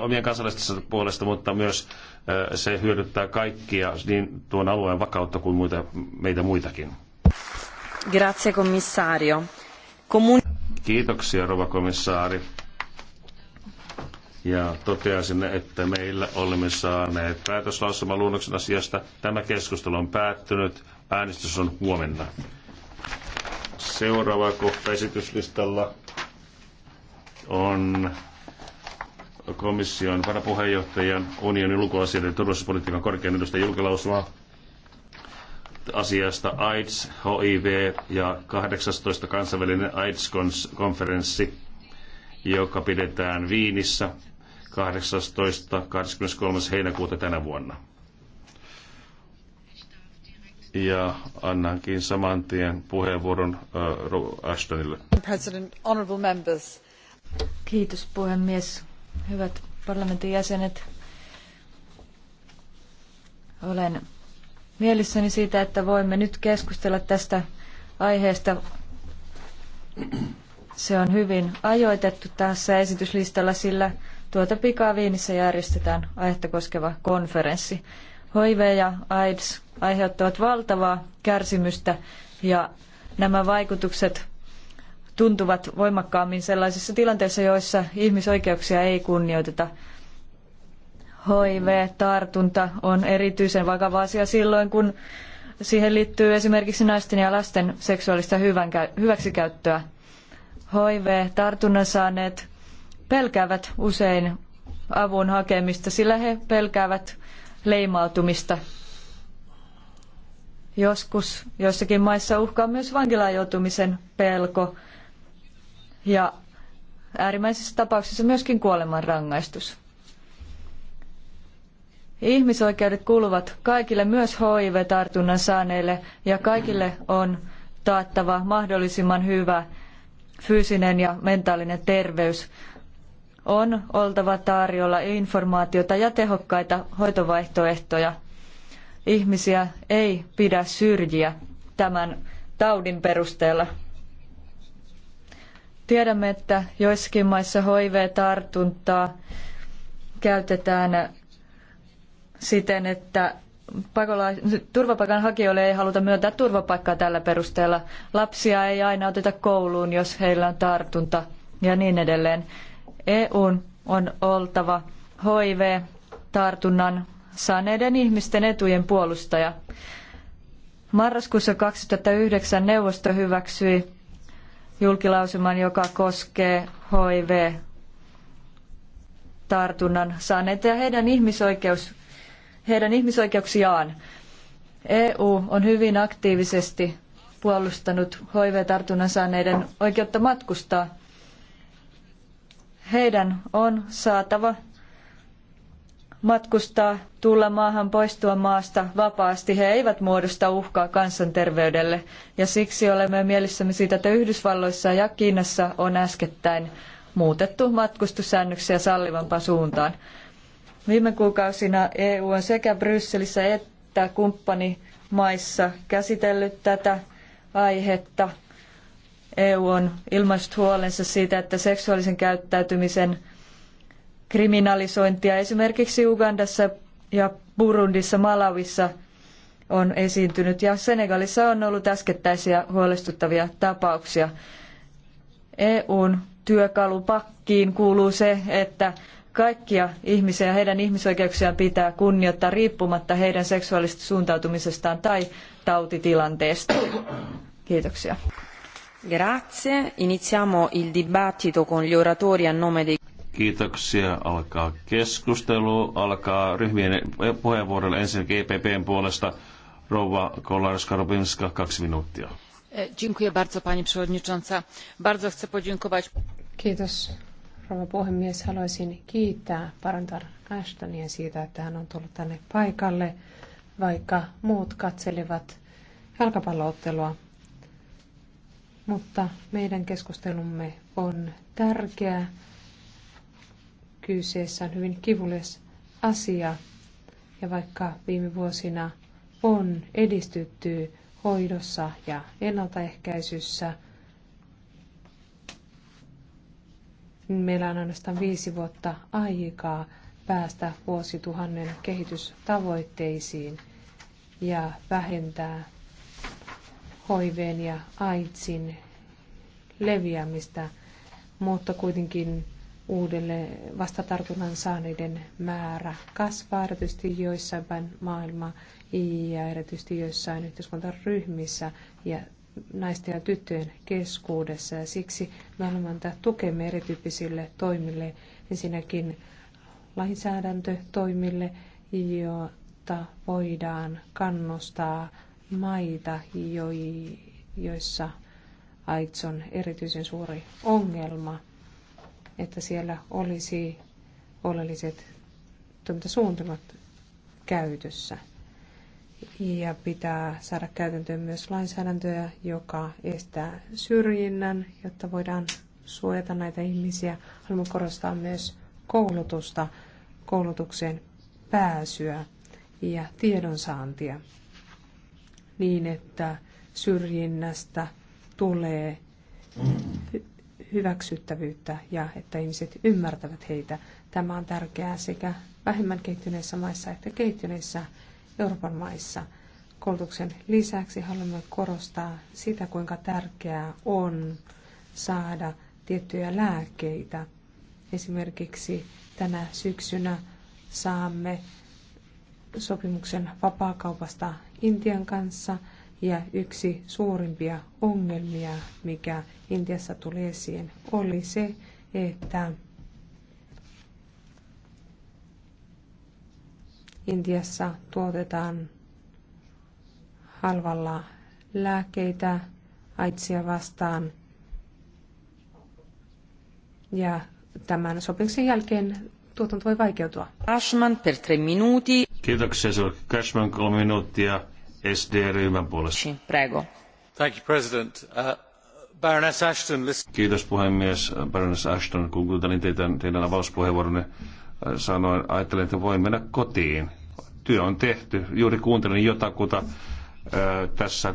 omien kansalaistensa puolesta, mutta myös se hyödyttää kaikkia niin tuon alueen vakautta kuin muita, meitä muitakin. Grazie commissario. Comun- Kiitoksia rouva komissaari. Ja toteaisin, että meillä olemme saaneet päätöslausuman luonnoksen asiasta. Tämä keskustelu on päättynyt. Äänestys on huomenna. Seuraava kohta esityslistalla on komission varapuheenjohtajan unionin ulkoasioiden ja turvallisuuspolitiikan korkean edustajan julkilausumaa asiasta AIDS, HIV ja 18. kansainvälinen AIDS-konferenssi, joka pidetään Viinissä 18.23. heinäkuuta tänä vuonna. Ja annankin saman tien puheenvuoron uh, Ashtonille. Kiitos puhemies. Hyvät parlamentin jäsenet, olen mielissäni siitä, että voimme nyt keskustella tästä aiheesta. Se on hyvin ajoitettu tässä esityslistalla, sillä tuota pikaa järjestetään aihetta koskeva konferenssi. HIV ja AIDS aiheuttavat valtavaa kärsimystä ja nämä vaikutukset tuntuvat voimakkaammin sellaisissa tilanteissa, joissa ihmisoikeuksia ei kunnioiteta. HIV-tartunta on erityisen vakava asia silloin, kun siihen liittyy esimerkiksi naisten ja lasten seksuaalista hyväksikäyttöä. HIV-tartunnan saaneet pelkäävät usein avun hakemista, sillä he pelkäävät leimautumista. Joskus joissakin maissa uhkaa myös vankilaan joutumisen pelko – ja äärimmäisissä tapauksissa myöskin kuolemanrangaistus. Ihmisoikeudet kuuluvat kaikille myös HIV-tartunnan saaneille ja kaikille on taattava mahdollisimman hyvä fyysinen ja mentaalinen terveys. On oltava tarjolla informaatiota ja tehokkaita hoitovaihtoehtoja. Ihmisiä ei pidä syrjiä tämän taudin perusteella. Tiedämme, että joissakin maissa HIV-tartuntaa käytetään siten, että pakola- turvapaikanhakijoille ei haluta myöntää turvapaikkaa tällä perusteella. Lapsia ei aina oteta kouluun, jos heillä on tartunta ja niin edelleen. EUn on oltava HIV-tartunnan saaneiden ihmisten etujen puolustaja. Marraskuussa 2009 neuvosto hyväksyi julkilausuman, joka koskee HIV tartunnan saaneita ja heidän, ihmisoikeus, heidän ihmisoikeuksiaan. EU on hyvin aktiivisesti puolustanut HIV-tartunnan saaneiden oikeutta matkustaa. Heidän on saatava matkustaa, tulla maahan, poistua maasta vapaasti. He eivät muodosta uhkaa kansanterveydelle ja siksi olemme mielissämme siitä, että Yhdysvalloissa ja Kiinassa on äskettäin muutettu matkustussäännöksiä sallivampaan suuntaan. Viime kuukausina EU on sekä Brysselissä että kumppanimaissa käsitellyt tätä aihetta. EU on ilmaissut huolensa siitä, että seksuaalisen käyttäytymisen – kriminalisointia. Esimerkiksi Ugandassa ja Burundissa, Malawissa on esiintynyt ja Senegalissa on ollut äskettäisiä huolestuttavia tapauksia. EUn työkalupakkiin kuuluu se, että kaikkia ihmisiä ja heidän ihmisoikeuksiaan pitää kunnioittaa riippumatta heidän seksuaalisesta suuntautumisestaan tai tautitilanteesta. Kiitoksia. Grazie. Iniziamo il dibattito con gli oratori a nome dei Kiitoksia. Alkaa keskustelu. Alkaa ryhmien puheenvuorolla ensin GPPn e puolesta. Rouva Kolarska-Robinska, kaksi minuuttia. E, dziękuję bardzo, pani przewodnicząca. Bardzo chcę podziękować. Kiitos, rouva puhemies. Haluaisin kiittää Parantar Ashtonia siitä, että hän on tullut tänne paikalle, vaikka muut katselivat jalkapalloottelua. Mutta meidän keskustelumme on tärkeä kyseessä on hyvin kivulias asia. Ja vaikka viime vuosina on edistytty hoidossa ja ennaltaehkäisyssä, niin meillä on ainoastaan viisi vuotta aikaa päästä vuosituhannen kehitystavoitteisiin ja vähentää hoiveen ja aitsin leviämistä, mutta kuitenkin uudelle vastatartunnan saaneiden määrä kasvaa, erityisesti joissain päin maailmaa ja erityisesti joissain yhteiskuntaryhmissä ja naisten ja tyttöjen keskuudessa. Ja siksi me haluamme antaa tukemme erityyppisille toimille, ensinnäkin lainsäädäntötoimille, jotta voidaan kannustaa maita, joissa AIDS on erityisen suuri ongelma – että siellä olisi oleelliset toimintasuuntamat käytössä. Ja pitää saada käytäntöön myös lainsäädäntöä, joka estää syrjinnän, jotta voidaan suojata näitä ihmisiä. Haluamme korostaa myös koulutusta, koulutukseen pääsyä ja tiedonsaantia niin, että syrjinnästä tulee hyväksyttävyyttä ja että ihmiset ymmärtävät heitä. Tämä on tärkeää sekä vähemmän kehittyneissä maissa että kehittyneissä Euroopan maissa. Koulutuksen lisäksi haluamme korostaa sitä, kuinka tärkeää on saada tiettyjä lääkkeitä. Esimerkiksi tänä syksynä saamme sopimuksen vapaakaupasta Intian kanssa – ja yksi suurimpia ongelmia, mikä Intiassa tuli esiin, oli se, että Intiassa tuotetaan halvalla lääkkeitä aitsia vastaan. Ja tämän sopimuksen jälkeen tuotanto voi vaikeutua. Cashman per tre minuti. Kiitoksia kolme minuuttia sd uh, Baroness Ashton, puhemies. Baroness Ashton, kun kuuntelin teidän, teidän avauspuheenvuoronne, äh, sanoin, ajattelin, että voin mennä kotiin. Työ on tehty. Juuri kuuntelin jotakuta äh, tässä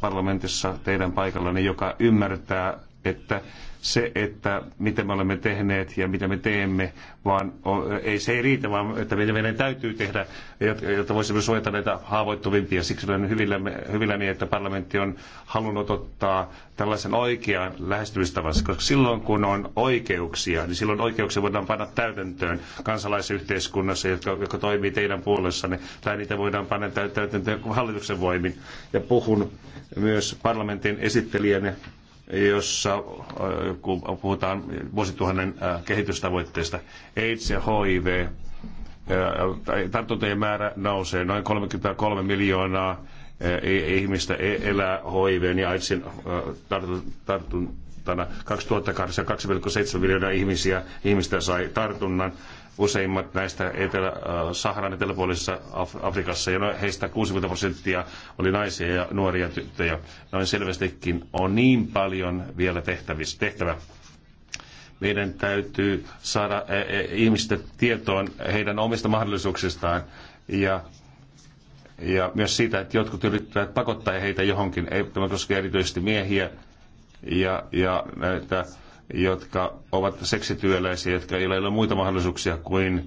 parlamentissa teidän paikallanne, joka ymmärtää että se, että mitä me olemme tehneet ja mitä me teemme, vaan ei, se ei riitä, vaan että meidän täytyy tehdä, jotta voisimme suojata näitä haavoittuvimpia. Siksi olen hyvilläni, että parlamentti on halunnut ottaa tällaisen oikean lähestymistavan, koska silloin kun on oikeuksia, niin silloin oikeuksia voidaan panna täytäntöön kansalaisyhteiskunnassa, jotka, jotka toimii teidän puolessanne, tai niitä voidaan panna täytäntöön hallituksen voimin. Ja puhun myös parlamentin esittelijänne jossa äh, kun puhutaan vuosituhannen äh, kehitystavoitteista, AIDS ja HIV, äh, tartuntojen määrä nousee noin 33 miljoonaa ihmistä e-, elää HIV ja AIDSin tartuntana. 2008 2,7 miljoonaa ihmisiä, ihmistä sai tartunnan Useimmat näistä etelä, äh, Saharan eteläpuolisessa Afrikassa, ja no, heistä 60 prosenttia oli naisia ja nuoria tyttöjä. Noin selvästikin on niin paljon vielä tehtävissä, tehtävä meidän täytyy saada ihmisten tietoon heidän omista mahdollisuuksistaan ja, ja myös siitä, että jotkut yrittävät pakottaa heitä johonkin. Ei, tämä koskee erityisesti miehiä ja, ja näitä jotka ovat seksityöläisiä, jotka ei ole muita mahdollisuuksia kuin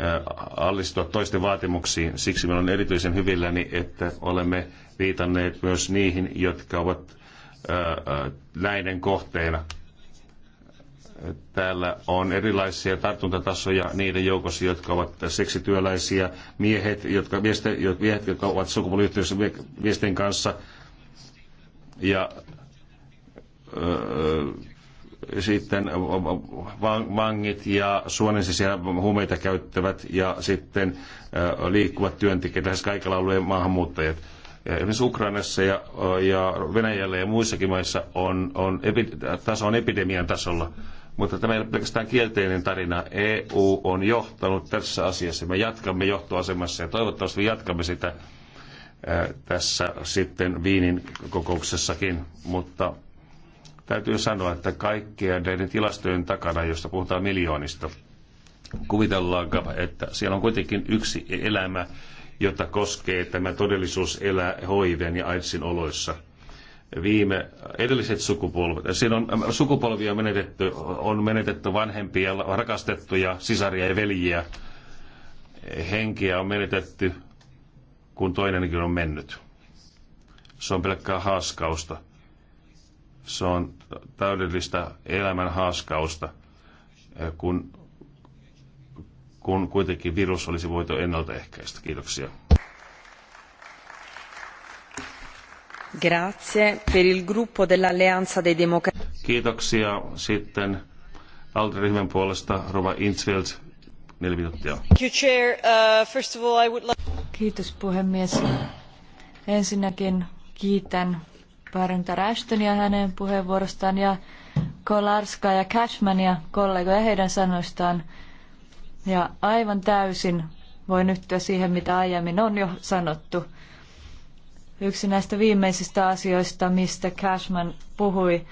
äh, allistua toisten vaatimuksiin. Siksi meillä on erityisen hyvilläni, että olemme viitanneet myös niihin, jotka ovat äh, äh, näiden kohteena. Täällä on erilaisia tartuntatasoja niiden joukossa, jotka ovat seksityöläisiä, miehet, jotka, miehet, jotka ovat sukupuoliyhteydessä miesten kanssa. Ja öö, sitten vangit ja suonensisiä huumeita käyttävät ja sitten liikkuvat työntekijät, lähes kaikilla alueen maahanmuuttajat. Esimerkiksi Ukrainassa ja, ja Venäjällä ja muissakin maissa on, on epi, taso on epidemian tasolla. Mutta tämä ei ole pelkästään kielteinen tarina. EU on johtanut tässä asiassa. Me jatkamme johtoasemassa ja toivottavasti jatkamme sitä tässä sitten Viinin kokouksessakin, mutta Täytyy sanoa, että kaikkea, näiden tilastojen takana, josta puhutaan miljoonista, kuvitellaan, että siellä on kuitenkin yksi elämä, jota koskee tämä todellisuus elää hoiven ja AIDSin oloissa. Viime edelliset sukupolvet, siinä on äh, sukupolvia menetetty, on menetetty vanhempia, rakastettuja sisaria ja veljiä. Henkiä on menetetty, kun toinenkin on mennyt. Se on pelkkää haaskausta. Se on täydellistä elämän haaskausta, eh, kun, kun kuitenkin virus olisi voitu ennaltaehkäistä. Kiitoksia. Grazie per il gruppo dell'Alleanza dei Democratici. Kiitoksia sitten Alderyhmän puolesta Rova Intsveld, neljä minuuttia. Uh, Kiitos puhemies. Ensinnäkin kiitän Barintar Ashtonia hänen puheenvuorostaan ja Kolarska ja Cashmania kollegoja heidän sanoistaan. Ja aivan täysin voin yhtyä siihen, mitä aiemmin on jo sanottu. Yksi näistä viimeisistä asioista, mistä Cashman puhui,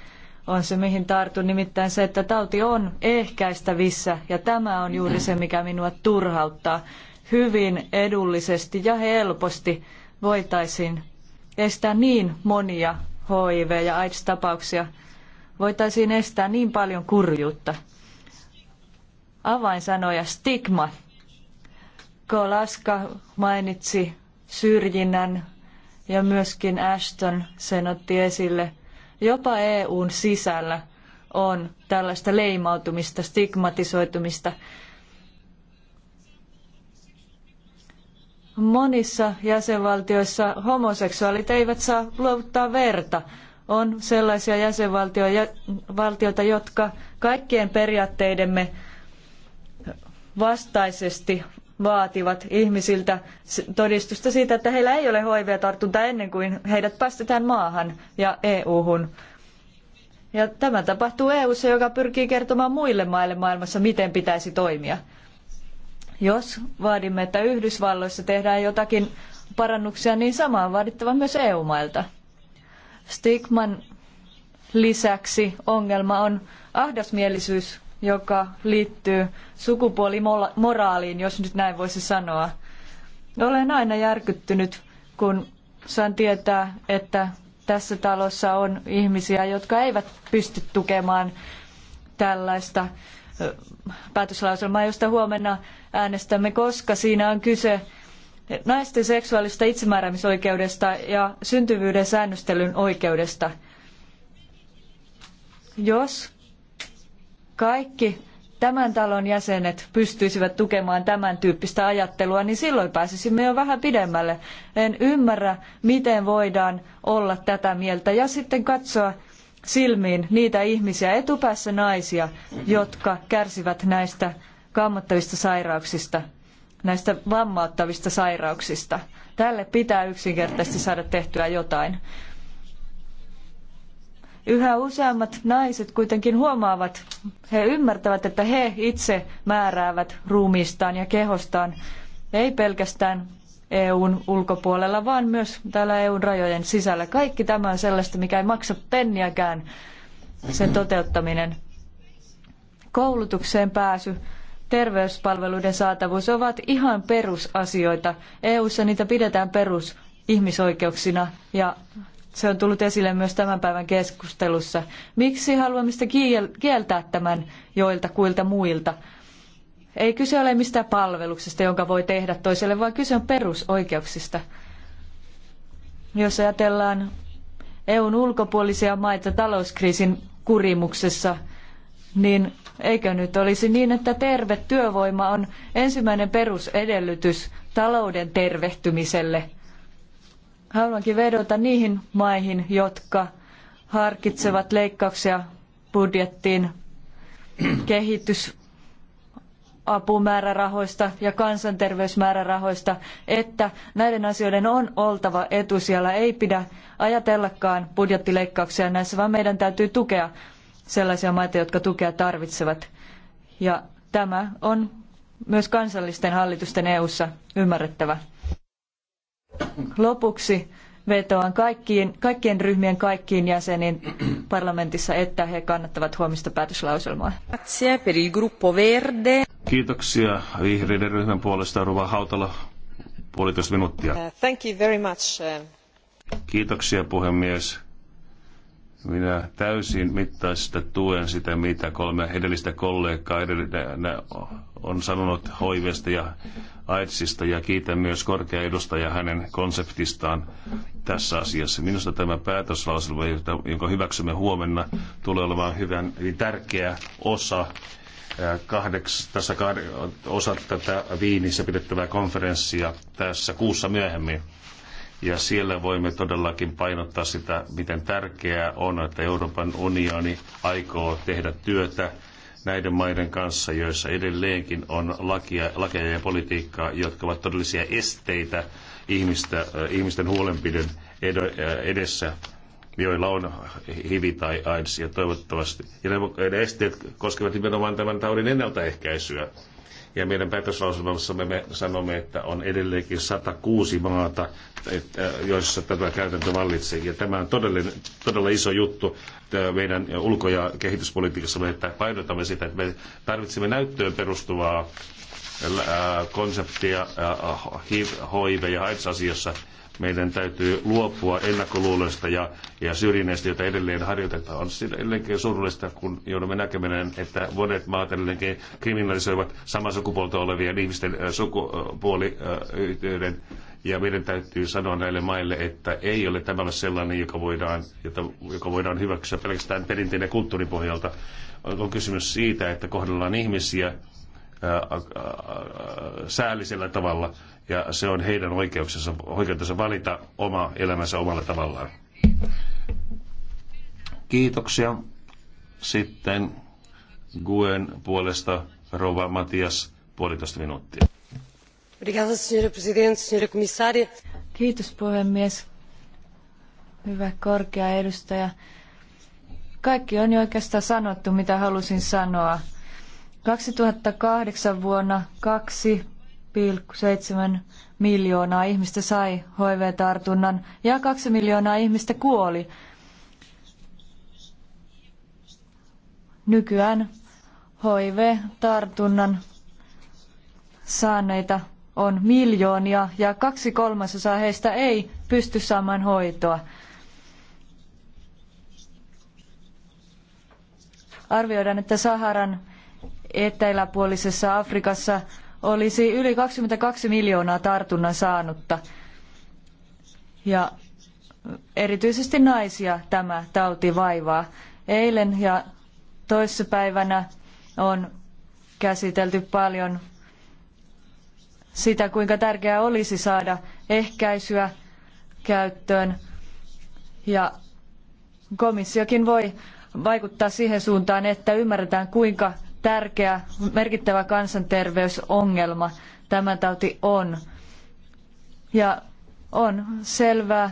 on se, mihin tartun, nimittäin se, että tauti on ehkäistävissä ja tämä on juuri se, mikä minua turhauttaa. Hyvin edullisesti ja helposti voitaisiin estää niin monia HIV- ja AIDS-tapauksia voitaisiin estää niin paljon kurjuutta. Avainsanoja stigma. Kolaska mainitsi syrjinnän ja myöskin Ashton sen otti esille. Jopa EUn sisällä on tällaista leimautumista, stigmatisoitumista. monissa jäsenvaltioissa homoseksuaalit eivät saa luovuttaa verta. On sellaisia jäsenvaltioita, jotka kaikkien periaatteidemme vastaisesti vaativat ihmisiltä todistusta siitä, että heillä ei ole HIV-tartuntaa ennen kuin heidät päästetään maahan ja EU-hun. Ja tämä tapahtuu EU:ssa, joka pyrkii kertomaan muille maille maailmassa, miten pitäisi toimia. Jos vaadimme, että Yhdysvalloissa tehdään jotakin parannuksia, niin samaa on vaadittava myös EU-mailta. Stigman lisäksi ongelma on ahdasmielisyys, joka liittyy sukupuolimoraaliin, jos nyt näin voisi sanoa. Olen aina järkyttynyt, kun saan tietää, että tässä talossa on ihmisiä, jotka eivät pysty tukemaan tällaista päätöslauselmaa, josta huomenna äänestämme, koska siinä on kyse naisten seksuaalista itsemääräämisoikeudesta ja syntyvyyden säännöstelyn oikeudesta. Jos kaikki tämän talon jäsenet pystyisivät tukemaan tämän tyyppistä ajattelua, niin silloin pääsisimme jo vähän pidemmälle. En ymmärrä, miten voidaan olla tätä mieltä ja sitten katsoa, silmiin niitä ihmisiä, etupäässä naisia, jotka kärsivät näistä kammottavista sairauksista, näistä vammauttavista sairauksista. Tälle pitää yksinkertaisesti saada tehtyä jotain. Yhä useammat naiset kuitenkin huomaavat, he ymmärtävät, että he itse määräävät ruumiistaan ja kehostaan, ei pelkästään EUn ulkopuolella, vaan myös täällä EUn rajojen sisällä. Kaikki tämä on sellaista, mikä ei maksa penniäkään sen toteuttaminen. Koulutukseen pääsy, terveyspalveluiden saatavuus ovat ihan perusasioita. EUssa niitä pidetään perusihmisoikeuksina ja se on tullut esille myös tämän päivän keskustelussa. Miksi haluamme sitä kieltää tämän joilta kuilta muilta? Ei kyse ole mistään palveluksesta, jonka voi tehdä toiselle, vaan kyse on perusoikeuksista. Jos ajatellaan EUn ulkopuolisia maita talouskriisin kurimuksessa, niin eikö nyt olisi niin, että terve työvoima on ensimmäinen perusedellytys talouden tervehtymiselle? Haluankin vedota niihin maihin, jotka harkitsevat leikkauksia budjettiin kehitys apumäärärahoista ja kansanterveysmäärärahoista, että näiden asioiden on oltava etusijalla. Ei pidä ajatellakaan budjettileikkauksia näissä, vaan meidän täytyy tukea sellaisia maita, jotka tukea tarvitsevat. Ja tämä on myös kansallisten hallitusten EU:ssa ymmärrettävä. Lopuksi vetoan kaikkiin, kaikkien ryhmien kaikkiin jäseniin parlamentissa, että he kannattavat huomista päätöslauselmaa. Grazie per il gruppo Verde. Kiitoksia vihreiden ryhmän puolesta Ruva Hautala puolitoista minuuttia. Uh, thank you very much. Uh. Kiitoksia puhemies. Minä täysin mittaista tuen sitä, mitä kolme edellistä kollegaa edellinen on sanonut hoivesta ja AIDSista ja kiitän myös korkea edustaja hänen konseptistaan tässä asiassa. Minusta tämä päätöslauselma, jonka hyväksymme huomenna, tulee olemaan hyvän, hyvin tärkeä osa kahdeksassa osa tätä Viinissä pidettävää konferenssia tässä kuussa myöhemmin. Ja siellä voimme todellakin painottaa sitä, miten tärkeää on, että Euroopan unioni aikoo tehdä työtä näiden maiden kanssa, joissa edelleenkin on lakia, lakeja ja politiikkaa, jotka ovat todellisia esteitä ihmistä, ihmisten huolenpidon edessä joilla on HIV tai AIDS ja toivottavasti. Ja ne esteet koskevat nimenomaan tämän taudin ennaltaehkäisyä. Ja meidän päätöslausunnossa me sanomme, että on edelleenkin 106 maata, joissa tätä käytäntö vallitsee. Ja tämä on todellinen, todella iso juttu meidän ulko- ja kehityspolitiikassa, että painotamme sitä, että me tarvitsemme näyttöön perustuvaa konseptia HIV- ja AIDS-asiassa meidän täytyy luopua ennakkoluuloista ja, ja syrjinnästä, joita edelleen harjoitetaan. On edelleenkin surullista, kun joudumme näkemään, että monet maat edelleenkin kriminalisoivat samaa sukupuolta olevien ihmisten sukupuoliyhteyden. Ja meidän täytyy sanoa näille maille, että ei ole tämä sellainen, joka voidaan, jota, joka voidaan hyväksyä pelkästään perinteinen kulttuuripohjalta. On kysymys siitä, että kohdellaan ihmisiä säällisellä tavalla ja se on heidän oikeuksensa, oikeutensa valita oma elämänsä omalla tavallaan. Kiitoksia. Sitten Guen puolesta Rova Matias, puolitoista minuuttia. Kiitos puhemies. Hyvä korkea edustaja. Kaikki on jo oikeastaan sanottu, mitä halusin sanoa. 2008 vuonna kaksi 7 miljoonaa ihmistä sai HIV-tartunnan ja 2 miljoonaa ihmistä kuoli. Nykyään HIV-tartunnan saaneita on miljoonia ja kaksi kolmasosaa heistä ei pysty saamaan hoitoa. Arvioidaan, että Saharan eteläpuolisessa Afrikassa olisi yli 22 miljoonaa tartunnan saanutta. Ja erityisesti naisia tämä tauti vaivaa. Eilen ja toissapäivänä on käsitelty paljon sitä, kuinka tärkeää olisi saada ehkäisyä käyttöön. Ja komissiokin voi vaikuttaa siihen suuntaan, että ymmärretään kuinka tärkeä, merkittävä kansanterveysongelma tämä tauti on. Ja on selvää,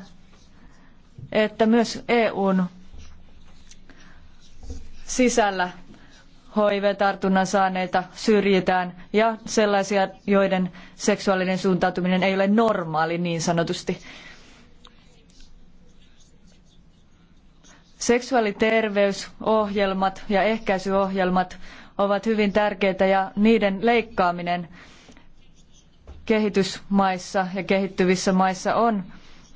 että myös EUn sisällä HIV-tartunnan saaneita syrjitään ja sellaisia, joiden seksuaalinen suuntautuminen ei ole normaali niin sanotusti. Seksuaaliterveysohjelmat ja ehkäisyohjelmat ovat hyvin tärkeitä ja niiden leikkaaminen kehitysmaissa ja kehittyvissä maissa on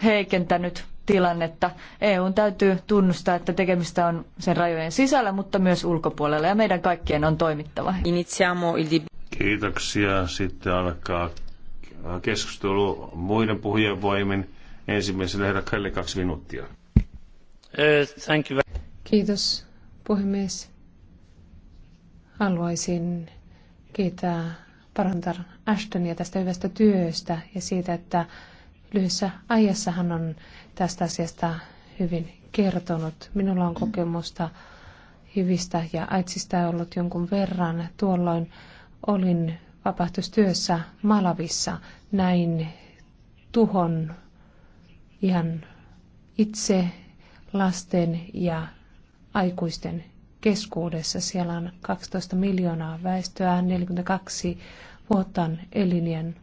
heikentänyt tilannetta. EUn täytyy tunnustaa, että tekemistä on sen rajojen sisällä, mutta myös ulkopuolella ja meidän kaikkien on toimittava. Kiitoksia. Sitten alkaa keskustelu muiden puhujien voimin. Ensimmäisenä herra Kalle kaksi minuuttia. Eh, Kiitos puhemies. Haluaisin kiittää parantar Ashtonia tästä hyvästä työstä ja siitä, että lyhyessä ajassa hän on tästä asiasta hyvin kertonut. Minulla on kokemusta hivistä ja aitsista ollut jonkun verran. Tuolloin olin vapahtustyössä Malavissa. Näin tuhon ihan itse lasten ja aikuisten keskuudessa. Siellä on 12 miljoonaa väestöä, 42 vuotta on elinien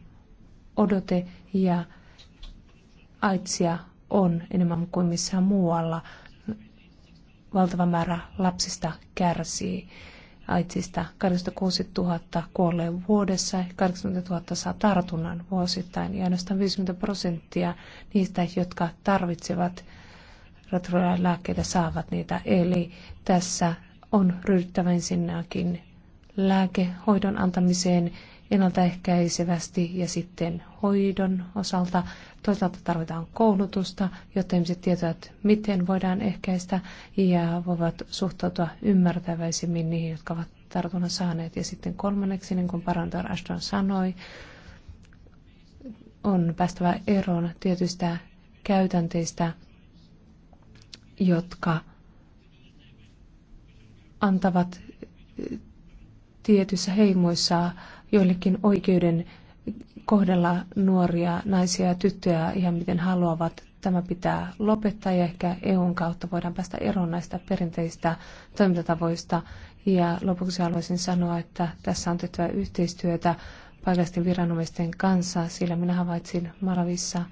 odote ja aitsia on enemmän kuin missään muualla. Valtava määrä lapsista kärsii aitsista. 26 000 kuolee vuodessa, 80 000 saa tartunnan vuosittain ja ainoastaan 50 prosenttia niistä, jotka tarvitsevat lääkkeitä saavat niitä. Eli tässä on ryhdyttävä ensinnäkin lääkehoidon antamiseen ennaltaehkäisevästi ja sitten hoidon osalta. Toisaalta tarvitaan koulutusta, jotta ihmiset tietävät, miten voidaan ehkäistä ja voivat suhtautua ymmärtäväisemmin niihin, jotka ovat tartunnan saaneet. Ja sitten kolmanneksi, niin kuin Parantor Ashton sanoi, on päästävä eroon tietystä käytänteistä, jotka antavat eh, tietyissä heimoissa joillekin oikeuden kohdella nuoria naisia ja tyttöjä ihan miten haluavat. Tämä pitää lopettaa ja ehkä EUn kautta voidaan päästä eroon näistä perinteistä toimintatavoista. Ja lopuksi haluaisin sanoa, että tässä on tehtävä yhteistyötä paikallisten viranomaisten kanssa, sillä minä havaitsin Maravissa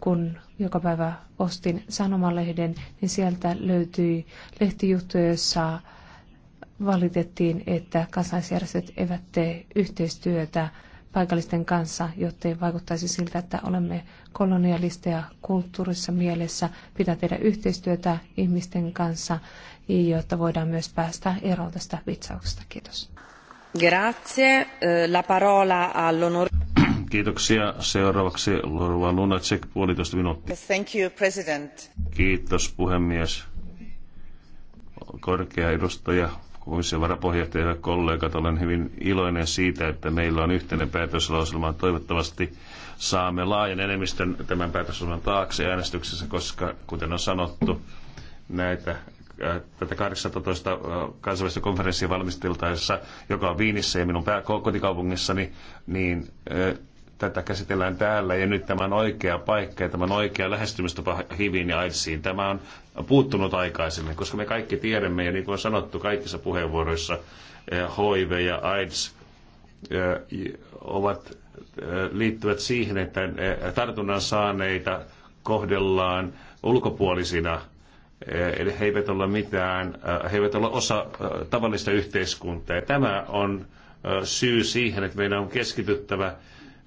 kun joka päivä ostin sanomalehden, niin sieltä löytyi lehtijuttuja, jossa valitettiin, että kansalaisjärjestöt eivät tee yhteistyötä paikallisten kanssa, jottei vaikuttaisi siltä, että olemme kolonialisteja kulttuurissa mielessä. Pitää tehdä yhteistyötä ihmisten kanssa, jotta voidaan myös päästä eroon tästä vitsauksesta. Kiitos. Grazie. Eh, la parola all'onore... Kiitoksia. Seuraavaksi Lorva Lunacek, puolitoista minuuttia. Thank you, President. Kiitos, puhemies. Korkea edustaja, komission varapuheenjohtaja ja kollegat, olen hyvin iloinen siitä, että meillä on yhteinen päätöslauselma. Toivottavasti saamme laajan enemmistön tämän päätöslauselman taakse äänestyksessä, koska kuten on sanottu, näitä äh, tätä 18 äh, kansainvälistä konferenssia valmisteltaessa, joka on Viinissä ja minun kotikaupungissani, niin äh, tätä käsitellään täällä ja nyt tämä on oikea paikka ja tämä on oikea lähestymistapa HIViin ja AIDSiin. Tämä on puuttunut aikaisemmin, koska me kaikki tiedämme ja niin kuin on sanottu kaikissa puheenvuoroissa, HIV eh, ja AIDS eh, ovat, eh, liittyvät siihen, että tartunnan saaneita kohdellaan ulkopuolisina. Eli he eivät ole mitään, he eivät ole osa tavallista yhteiskuntaa. Ja tämä on syy siihen, että meidän on keskityttävä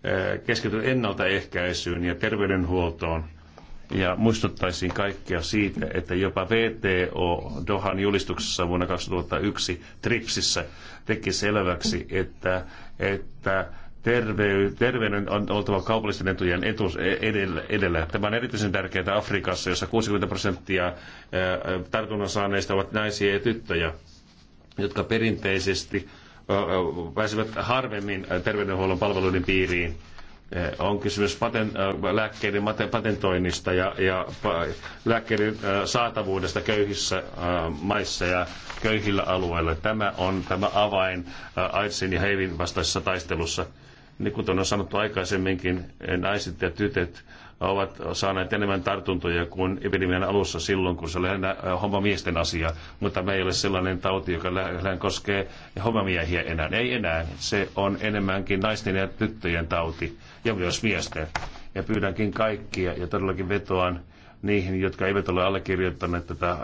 Eh, keskity ennaltaehkäisyyn ja terveydenhuoltoon. Ja muistuttaisin kaikkia siitä, että jopa VTO Dohan julistuksessa vuonna 2001 TRIPSissä teki selväksi, että, että terveyden on oltava kaupallisten etujen etus, edellä, edellä. Tämä on erityisen tärkeää Afrikassa, jossa 60 prosenttia eh, tartunnan saaneista ovat naisia ja tyttöjä, jotka perinteisesti pääsevät harvemmin terveydenhuollon palveluiden piiriin. On kysymys paten, lääkkeiden patentoinnista ja, ja lääkkeiden saatavuudesta köyhissä maissa ja köyhillä alueilla. Tämä on tämä avain AIDSin ja HIVin vastaisessa taistelussa. Niin kuten on sanottu aikaisemminkin, naiset ja tytöt ovat saaneet enemmän tartuntoja kuin epidemian alussa silloin, kun se oli lähinnä äh, homomiesten asia. Mutta me ei ole sellainen tauti, joka lähinnä koskee homomiehiä enää. Ei enää. Se on enemmänkin naisten ja tyttöjen tauti ja myös miesten. Ja pyydänkin kaikkia ja todellakin vetoan niihin, jotka eivät ole allekirjoittaneet tätä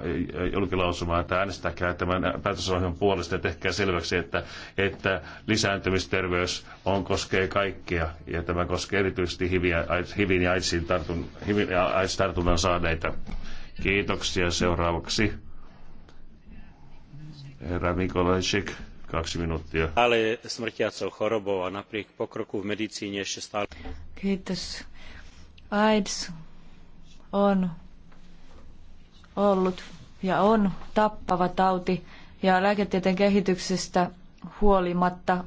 julkilausumaa, että äänestäkää tämän päätösohjelman puolesta ja tehkää selväksi, että, että lisääntymisterveys on, koskee kaikkea ja tämä koskee erityisesti hivin ja AIDSin tartun, hivin ja AIDS tartunnan saaneita. Kiitoksia seuraavaksi. Herra Mikolajczyk, kaksi minuuttia. Ale smrtiacou chorobo a napriek pokroku v medicíne ešte stále... Kiitos. AIDS on ollut ja on tappava tauti ja lääketieteen kehityksestä huolimatta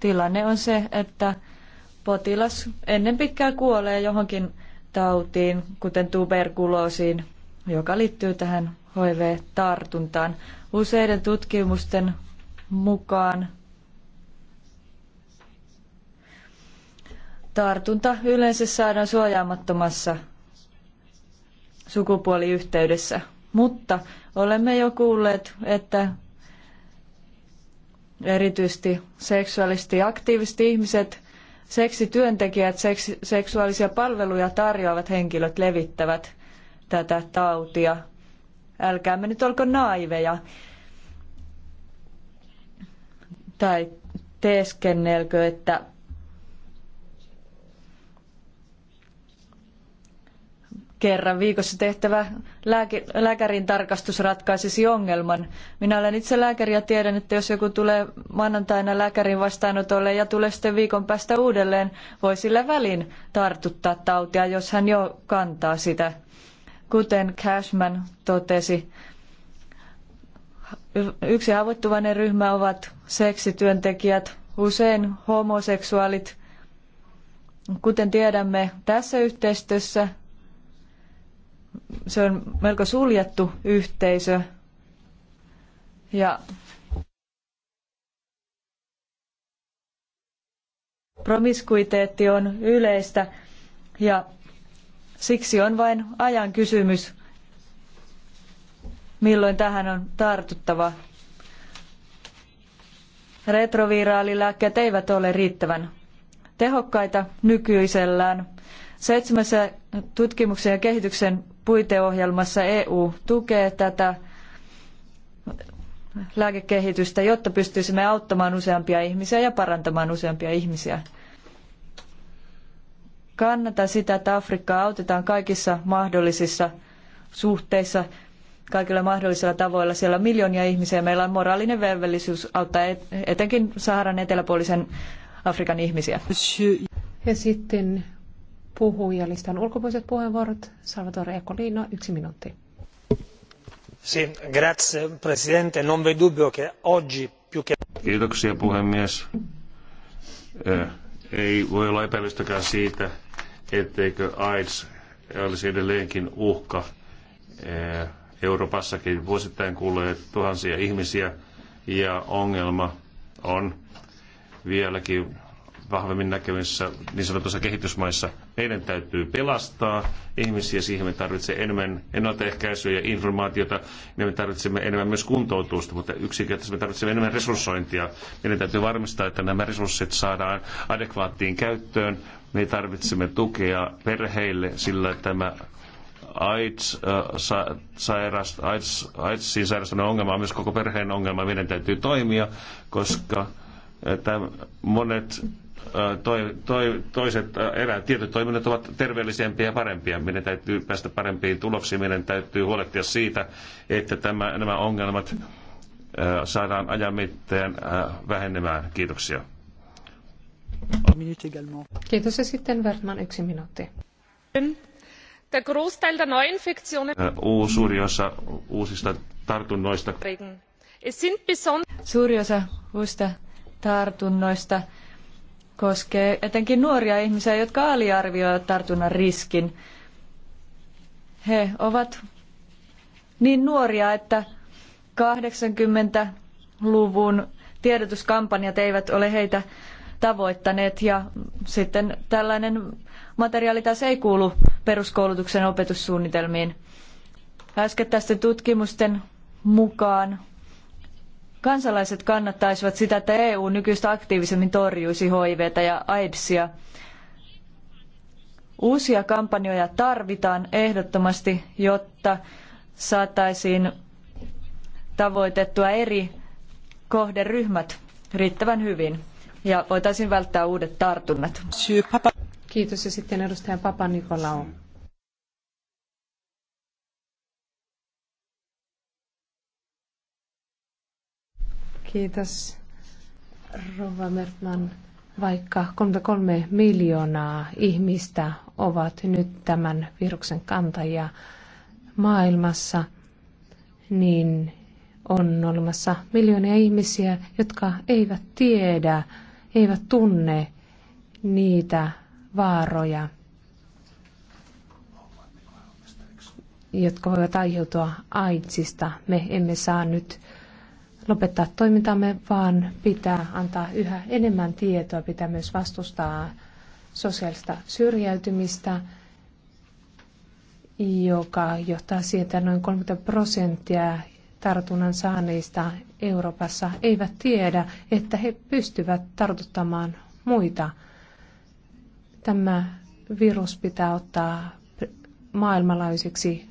tilanne on se, että potilas ennen pitkää kuolee johonkin tautiin, kuten tuberkuloosiin, joka liittyy tähän HIV-tartuntaan. Useiden tutkimusten mukaan tartunta yleensä saadaan suojaamattomassa sukupuoliyhteydessä. Mutta olemme jo kuulleet, että erityisesti seksuaalisesti aktiiviset ihmiset, seksityöntekijät, seks, seksuaalisia palveluja tarjoavat henkilöt levittävät tätä tautia. Älkäämme nyt olko naiveja tai teeskennelkö, että kerran viikossa tehtävä lääki, lääkärin tarkastus ratkaisisi ongelman. Minä olen itse lääkäri ja tiedän, että jos joku tulee maanantaina lääkärin vastaanotolle ja tulee sitten viikon päästä uudelleen, voi sillä välin tartuttaa tautia, jos hän jo kantaa sitä. Kuten Cashman totesi, yksi haavoittuvainen ryhmä ovat seksityöntekijät, usein homoseksuaalit. Kuten tiedämme, tässä yhteistyössä se on melko suljettu yhteisö. Ja promiskuiteetti on yleistä ja siksi on vain ajan kysymys, milloin tähän on tartuttava. Retroviraalilääkkeet eivät ole riittävän tehokkaita nykyisellään. Seitsemässä tutkimuksen ja kehityksen puiteohjelmassa EU tukee tätä lääkekehitystä, jotta pystyisimme auttamaan useampia ihmisiä ja parantamaan useampia ihmisiä. Kannata sitä, että Afrikkaa autetaan kaikissa mahdollisissa suhteissa, kaikilla mahdollisilla tavoilla. Siellä on miljoonia ihmisiä ja meillä on moraalinen velvollisuus auttaa etenkin Saharan eteläpuolisen Afrikan ihmisiä. Ja sitten puhujalistan ulkopuoliset puheenvuorot. Salvatore Ecolino, yksi minuutti. Sì, grazie Presidente. Non v'è dubbio che oggi più che... Kiitoksia puhemies. Ei voi olla epäilystäkään siitä, etteikö AIDS olisi edelleenkin uhka. Euroopassakin vuosittain kuulee tuhansia ihmisiä ja ongelma on vieläkin vahvemmin näkyvissä niin sanotussa kehitysmaissa. Meidän täytyy pelastaa ihmisiä, siihen me tarvitsemme enemmän ennaltaehkäisyä ja informaatiota, niin me tarvitsemme enemmän myös kuntoutusta, mutta yksinkertaisesti me tarvitsemme enemmän resurssointia. Meidän täytyy varmistaa, että nämä resurssit saadaan adekvaattiin käyttöön. Me tarvitsemme tukea perheille, sillä tämä AIDS, äh, sairast, AIDS, ongelma on myös koko perheen ongelma. Meidän täytyy toimia, koska että monet toi, toi, toiset erää tietyt toiminnot ovat terveellisempiä ja parempia. Meidän täytyy päästä parempiin tuloksiin, meidän täytyy huolehtia siitä, että tämä, nämä ongelmat saadaan ajan mittaan vähenemään. Kiitoksia. Kiitos ja sitten Wertman yksi minuutti. suuri osa uusista tartunnoista. Suuri osa uusista tartunnoista koskee etenkin nuoria ihmisiä, jotka aliarvioivat tartunnan riskin. He ovat niin nuoria, että 80-luvun tiedotuskampanjat eivät ole heitä tavoittaneet ja sitten tällainen materiaali taas ei kuulu peruskoulutuksen opetussuunnitelmiin. Äskettäisten tutkimusten mukaan kansalaiset kannattaisivat sitä, että EU nykyistä aktiivisemmin torjuisi HIVtä ja AIDSia. Uusia kampanjoja tarvitaan ehdottomasti, jotta saataisiin tavoitettua eri kohderyhmät riittävän hyvin ja voitaisiin välttää uudet tartunnat. Kiitos ja sitten edustaja Papa Nikolaou. Kiitos, Rova Mertman. Vaikka 33 miljoonaa ihmistä ovat nyt tämän viruksen kantajia maailmassa, niin on olemassa miljoonia ihmisiä, jotka eivät tiedä, eivät tunne niitä vaaroja, jotka voivat aiheutua AIDSista. Me emme saa nyt lopettaa toimintamme, vaan pitää antaa yhä enemmän tietoa, pitää myös vastustaa sosiaalista syrjäytymistä, joka johtaa siihen, että noin 30 prosenttia tartunnan saaneista Euroopassa eivät tiedä, että he pystyvät tartuttamaan muita. Tämä virus pitää ottaa maailmanlaajuiseksi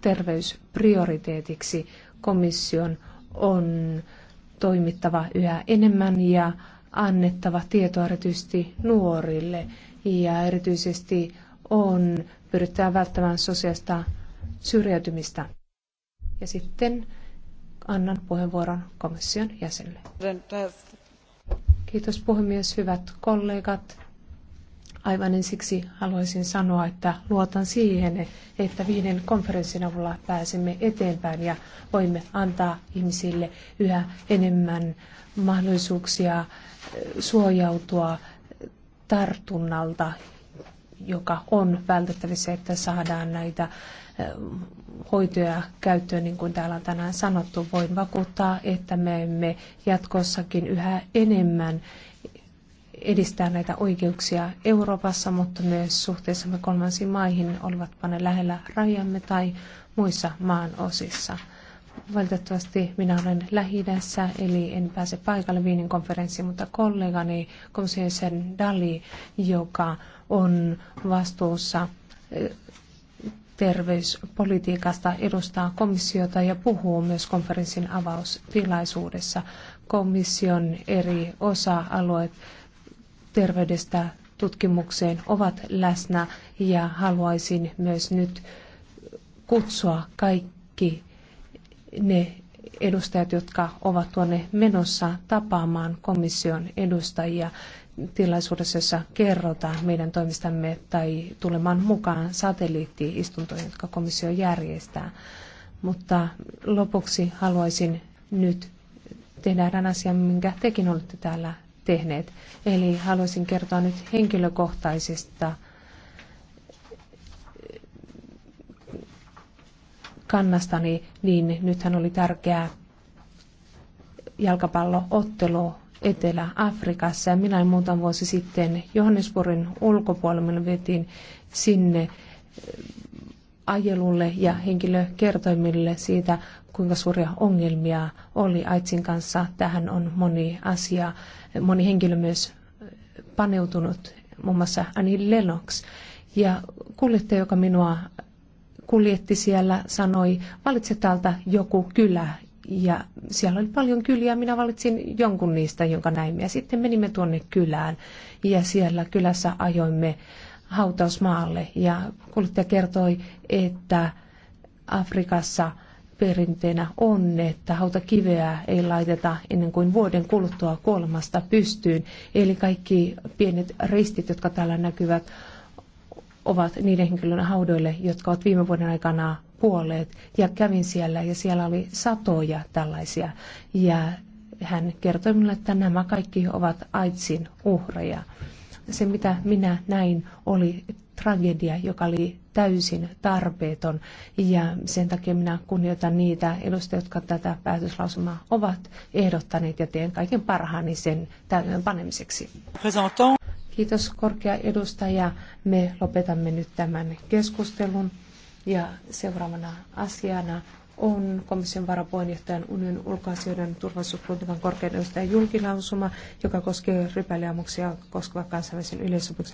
terveysprioriteetiksi komission on toimittava yhä enemmän ja annettava tietoa erityisesti nuorille ja erityisesti on pyrittävä välttämään sosiaalista syrjäytymistä. Ja sitten annan puheenvuoron komission jäsenelle. Kiitos puhemies, hyvät kollegat. Aivan ensiksi haluaisin sanoa, että luotan siihen, että viiden konferenssin avulla pääsemme eteenpäin ja voimme antaa ihmisille yhä enemmän mahdollisuuksia eh, suojautua tartunnalta, joka on vältettävissä, että saadaan näitä eh, hoitoja käyttöön, niin kuin täällä on tänään sanottu. Voin vakuuttaa, että me emme jatkossakin yhä enemmän edistää näitä oikeuksia Euroopassa, mutta myös suhteessamme kolmansiin maihin, olivatpa ne lähellä rajamme tai muissa maan osissa. Valitettavasti minä olen lähi eli en pääse paikalle Viinin konferenssiin, mutta kollegani komissiosen Dali, joka on vastuussa eh, terveyspolitiikasta, edustaa komissiota ja puhuu myös konferenssin avaustilaisuudessa komission eri osa-alueet terveydestä tutkimukseen ovat läsnä ja haluaisin myös nyt kutsua kaikki ne edustajat, jotka ovat tuonne menossa tapaamaan komission edustajia tilaisuudessa, jossa kerrotaan meidän toimistamme tai tulemaan mukaan satelliittiistuntoihin, jotka komissio järjestää. Mutta lopuksi haluaisin nyt tehdä erään asian, minkä tekin olette täällä tehneet. Eli haluaisin kertoa nyt henkilökohtaisista kannastani, niin nythän oli tärkeä jalkapalloottelu Etelä-Afrikassa. Ja minä muutama vuosi sitten Johannesburgin ulkopuolella vietiin sinne ajelulle ja henkilökertoimille siitä, kuinka suuria ongelmia oli AIDSin kanssa. Tähän on moni asia, moni henkilö myös paneutunut, muun muassa Annie Lennox. Ja kuljettaja, joka minua kuljetti siellä, sanoi, valitse täältä joku kylä. Ja siellä oli paljon kyliä, minä valitsin jonkun niistä, jonka näimme. Ja sitten menimme tuonne kylään ja siellä kylässä ajoimme hautausmaalle ja kuljettaja kertoi, että Afrikassa perinteenä on, että hautakiveä ei laiteta ennen kuin vuoden kuluttua kuolemasta pystyyn. Eli kaikki pienet ristit, jotka täällä näkyvät, ovat niiden henkilön haudoille, jotka ovat viime vuoden aikana kuolleet. Ja kävin siellä ja siellä oli satoja tällaisia. Ja hän kertoi minulle, että nämä kaikki ovat AIDSin uhreja se, mitä minä näin, oli tragedia, joka oli täysin tarpeeton. Ja sen takia minä kunnioitan niitä edustajia, jotka tätä päätöslausumaa ovat ehdottaneet ja teen kaiken parhaani sen täytön panemiseksi. Kiitos korkea edustaja. Me lopetamme nyt tämän keskustelun. Ja seuraavana asiana on komission varapuheenjohtajan unionin ulkoasioiden turvallisuuspolitiikan korkean edustajan julkilausuma, joka koskee rypäliammuksia koskevan kansainvälisen yleissopimuksen